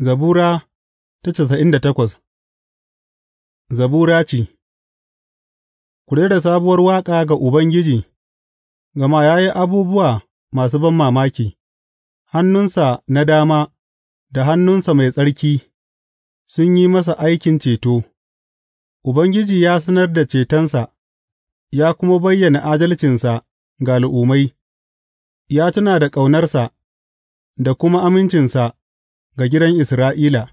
Zabura ta casa'in da takwas Zabura ce Ku da sabuwar waƙa ga Ubangiji, gama ya yi abubuwa masu ban mamaki. hannunsa na dama da hannunsa mai tsarki sun yi masa aikin ceto, Ubangiji ya sanar da cetonsa, ya kuma bayyana adalcinsa ga al'ummai, ya tuna da ƙaunarsa da kuma amincinsa. ga gidan Isra'ila,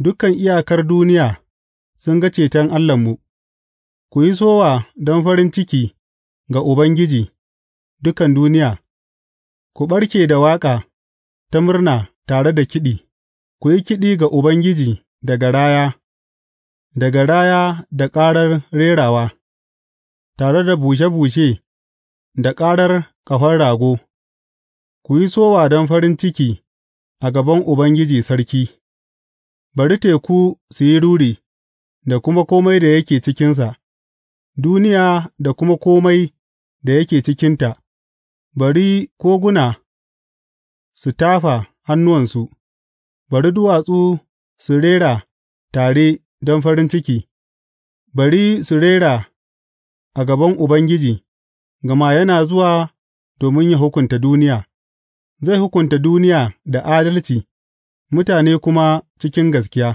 dukan iyakar duniya sun ga ceton Allahnmu, ku yi sowa don farin ciki ga Ubangiji, dukan duniya, ku ɓarke da waƙa ta murna tare da kiɗi, ku yi kiɗi ga Ubangiji da garaya, da garaya da ƙarar rerawa, tare da bushe-bushe da ƙarar ƙafar rago, ku yi sowa don farin ciki. a gaban Ubangiji Sarki; bari teku su yi ruri da kuma kome da yake cikinsa, duniya da kuma kome da yake cikinta, bari koguna su tafa hannuwansu, bari duwatsu su rera tare don farin ciki, bari su rera a gaban Ubangiji, gama yana zuwa domin ya hukunta duniya. Zai hukunta duniya da adalci mutane kuma cikin gaskiya.